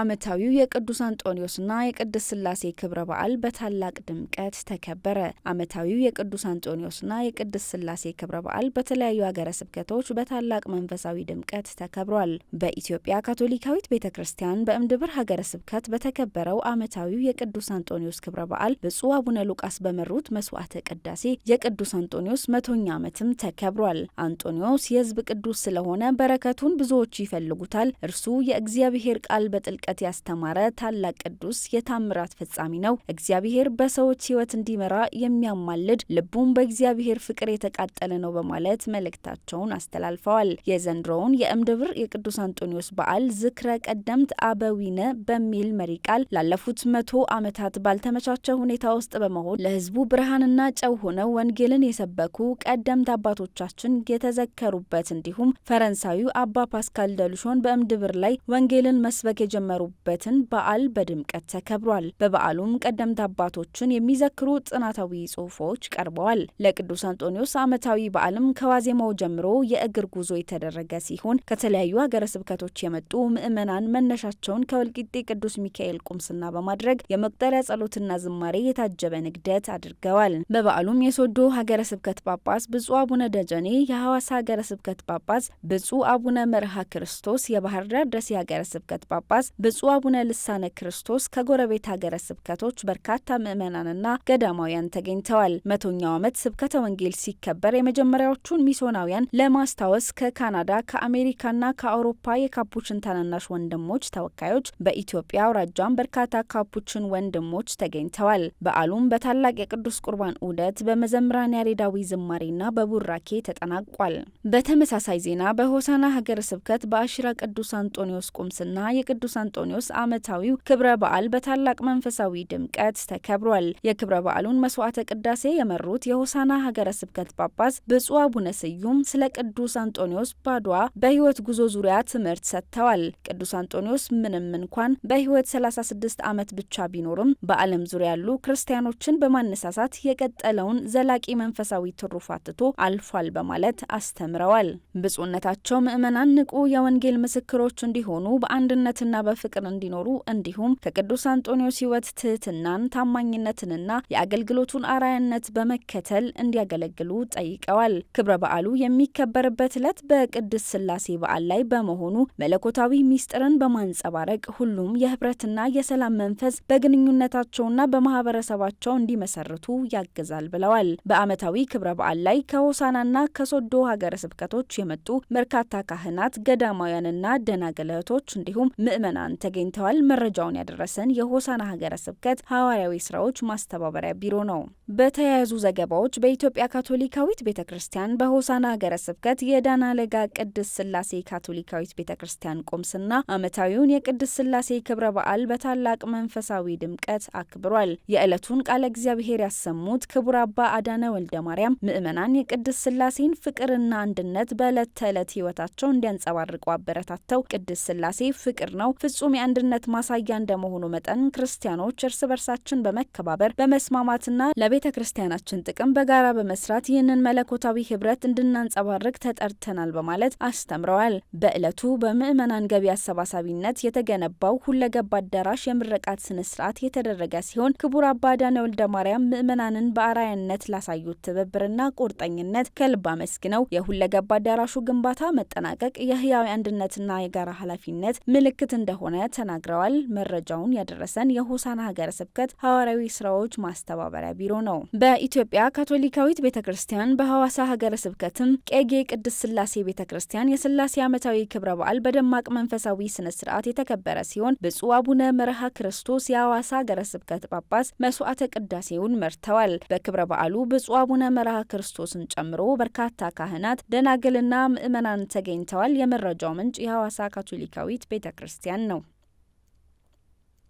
ዓመታዊው የቅዱስ አንጦኒዮስና የቅድስት ሥላሴ ክብረ በዓል በታላቅ ድምቀት ተከበረ። ዓመታዊው የቅዱስ አንጦኒዮስና የቅድስት ሥላሴ ክብረ በዓል በተለያዩ ሀገረ ስብከቶች በታላቅ መንፈሳዊ ድምቀት ተከብሯል። በኢትዮጵያ ካቶሊካዊት ቤተ ክርስቲያን በእምድብር ሀገረ ስብከት በተከበረው ዓመታዊው የቅዱስ አንጦኒዮስ ክብረ በዓል ብፁዕ አቡነ ሉቃስ በመሩት መስዋዕተ ቅዳሴ የቅዱስ አንጦኒዮስ መቶኛ ዓመትም ተከብሯል። አንጦኒዮስ የሕዝብ ቅዱስ ስለሆነ በረከቱን ብዙዎች ይፈልጉታል። እርሱ የእግዚአብሔር ቃል በጥልቅ በጥልቀት ያስተማረ ታላቅ ቅዱስ የታምራት ፍጻሜ ነው። እግዚአብሔር በሰዎች ሕይወት እንዲመራ የሚያማልድ ልቡም በእግዚአብሔር ፍቅር የተቃጠለ ነው በማለት መልእክታቸውን አስተላልፈዋል። የዘንድሮውን የእምድብር የቅዱስ አንጦኒዎስ በዓል ዝክረ ቀደምት አበዊነ በሚል መሪ ቃል ላለፉት መቶ ዓመታት ባልተመቻቸ ሁኔታ ውስጥ በመሆን ለሕዝቡ ብርሃንና ጨው ሆነው ወንጌልን የሰበኩ ቀደምት አባቶቻችን የተዘከሩበት እንዲሁም ፈረንሳዩ አባ ፓስካል ደሉሾን በእምድብር ላይ ወንጌልን መስበክ የጀመሩ የተጀመሩበትን በዓል በድምቀት ተከብሯል። በበዓሉም ቀደምት አባቶችን የሚዘክሩ ጥናታዊ ጽሑፎች ቀርበዋል። ለቅዱስ አንጦኒዎስ ዓመታዊ በዓልም ከዋዜማው ጀምሮ የእግር ጉዞ የተደረገ ሲሆን ከተለያዩ ሀገረ ስብከቶች የመጡ ምዕመናን መነሻቸውን ከወልቂጤ ቅዱስ ሚካኤል ቁምስና በማድረግ የመቁጠሪያ ጸሎትና ዝማሬ የታጀበ ንግደት አድርገዋል። በበዓሉም የሶዶ ሀገረ ስብከት ጳጳስ ብፁዕ አቡነ ደጀኔ፣ የሐዋሳ ሀገረ ስብከት ጳጳስ ብፁዕ አቡነ መርሃ ክርስቶስ፣ የባህር ዳር ደሴ ሀገረ ስብከት ጳጳስ ብፁዕ አቡነ ልሳነ ክርስቶስ ከጎረቤት ሀገረ ስብከቶች በርካታ ምዕመናንና ገዳማውያን ተገኝተዋል። መቶኛው ዓመት ስብከተ ወንጌል ሲከበር የመጀመሪያዎቹን ሚስዮናውያን ለማስታወስ ከካናዳ ከአሜሪካና ከአውሮፓ የካፑችን ታናናሽ ወንድሞች ተወካዮች በኢትዮጵያ አውራጃም በርካታ ካፑችን ወንድሞች ተገኝተዋል። በዓሉም በታላቅ የቅዱስ ቁርባን ዑደት በመዘምራን ያሬዳዊ ዝማሬና በቡራኬ ተጠናቋል። በተመሳሳይ ዜና በሆሳና ሀገረ ስብከት በአሽራ ቅዱስ አንጦኒዎስ ቁምስና የቅዱሳን አንቶኒዮስ ዓመታዊው ክብረ በዓል በታላቅ መንፈሳዊ ድምቀት ተከብሯል። የክብረ በዓሉን መስዋዕተ ቅዳሴ የመሩት የሆሳና ሀገረ ስብከት ጳጳስ ብፁዕ አቡነ ስዩም ስለ ቅዱስ አንጦኒዮስ ባድዋ በሕይወት ጉዞ ዙሪያ ትምህርት ሰጥተዋል። ቅዱስ አንጦኒዮስ ምንም እንኳን በሕይወት 36 ዓመት ብቻ ቢኖርም በዓለም ዙሪያ ያሉ ክርስቲያኖችን በማነሳሳት የቀጠለውን ዘላቂ መንፈሳዊ ትሩፋት ትቶ አልፏል በማለት አስተምረዋል። ብፁዕነታቸው ምእመናን ንቁ የወንጌል ምስክሮች እንዲሆኑ በአንድነትና በ ፍቅር እንዲኖሩ እንዲሁም ከቅዱስ አንጦኒዎስ ሕይወት ትህትናን፣ ታማኝነትንና የአገልግሎቱን አራያነት በመከተል እንዲያገለግሉ ጠይቀዋል። ክብረ በዓሉ የሚከበርበት ዕለት በቅድስት ስላሴ በዓል ላይ በመሆኑ መለኮታዊ ሚስጥርን በማንጸባረቅ ሁሉም የህብረትና የሰላም መንፈስ በግንኙነታቸውና በማህበረሰባቸው እንዲመሰርቱ ያግዛል ብለዋል። በዓመታዊ ክብረ በዓል ላይ ከሆሳናና ከሶዶ ሀገረ ስብከቶች የመጡ በርካታ ካህናት፣ ገዳማውያንና ደናገለቶች እንዲሁም ምእመናን በሆሳናን ተገኝተዋል። መረጃውን ያደረሰን የሆሳና ሀገረ ስብከት ሐዋርያዊ ስራዎች ማስተባበሪያ ቢሮ ነው። በተያያዙ ዘገባዎች በኢትዮጵያ ካቶሊካዊት ቤተ ክርስቲያን በሆሳና ሀገረ ስብከት የዳና ለጋ ቅድስት ስላሴ ካቶሊካዊት ቤተ ክርስቲያን ቆምስና ዓመታዊውን የቅድስት ስላሴ ክብረ በዓል በታላቅ መንፈሳዊ ድምቀት አክብሯል። የዕለቱን ቃለ እግዚአብሔር ያሰሙት ክቡር አባ አዳነ ወልደ ማርያም ምዕመናን የቅድስት ስላሴን ፍቅርና አንድነት በዕለት ተዕለት ህይወታቸው እንዲያንጸባርቁ አበረታተው ቅድስት ስላሴ ፍቅር ነው ፍጹም የአንድነት ማሳያ እንደመሆኑ መጠን ክርስቲያኖች እርስ በርሳችን በመከባበር በመስማማትና ለቤተ ክርስቲያናችን ጥቅም በጋራ በመስራት ይህንን መለኮታዊ ህብረት እንድናንጸባርቅ ተጠርተናል በማለት አስተምረዋል። በዕለቱ በምዕመናን ገቢ አሰባሳቢነት የተገነባው ሁለገብ አዳራሽ የምረቃት ስነ ስርዓት የተደረገ ሲሆን ክቡር አባ ዳነ ወልደ ማርያም ምዕመናንን በአራያነት ላሳዩት ትብብርና ቁርጠኝነት ከልብ አመስግነው የሁለገብ አዳራሹ ግንባታ መጠናቀቅ የህያዊ አንድነትና የጋራ ኃላፊነት ምልክት እንደሆነ እንደሆነ ተናግረዋል። መረጃውን ያደረሰን የሆሳና ሀገረ ስብከት ሐዋርያዊ ስራዎች ማስተባበሪያ ቢሮ ነው። በኢትዮጵያ ካቶሊካዊት ቤተ ክርስቲያን በሐዋሳ ሀገረ ስብከትም ቄጌ ቅድስት ስላሴ ቤተ ክርስቲያን የስላሴ ዓመታዊ ክብረ በዓል በደማቅ መንፈሳዊ ስነ ስርዓት የተከበረ ሲሆን ብፁዕ አቡነ መርሃ ክርስቶስ የሐዋሳ ሀገረ ስብከት ጳጳስ መስዋዕተ ቅዳሴውን መርተዋል። በክብረ በዓሉ ብፁዕ አቡነ መርሃ ክርስቶስን ጨምሮ በርካታ ካህናት፣ ደናግልና ምእመናን ተገኝተዋል። የመረጃው ምንጭ የሐዋሳ ካቶሊካዊት ቤተ ክርስቲያን ነው።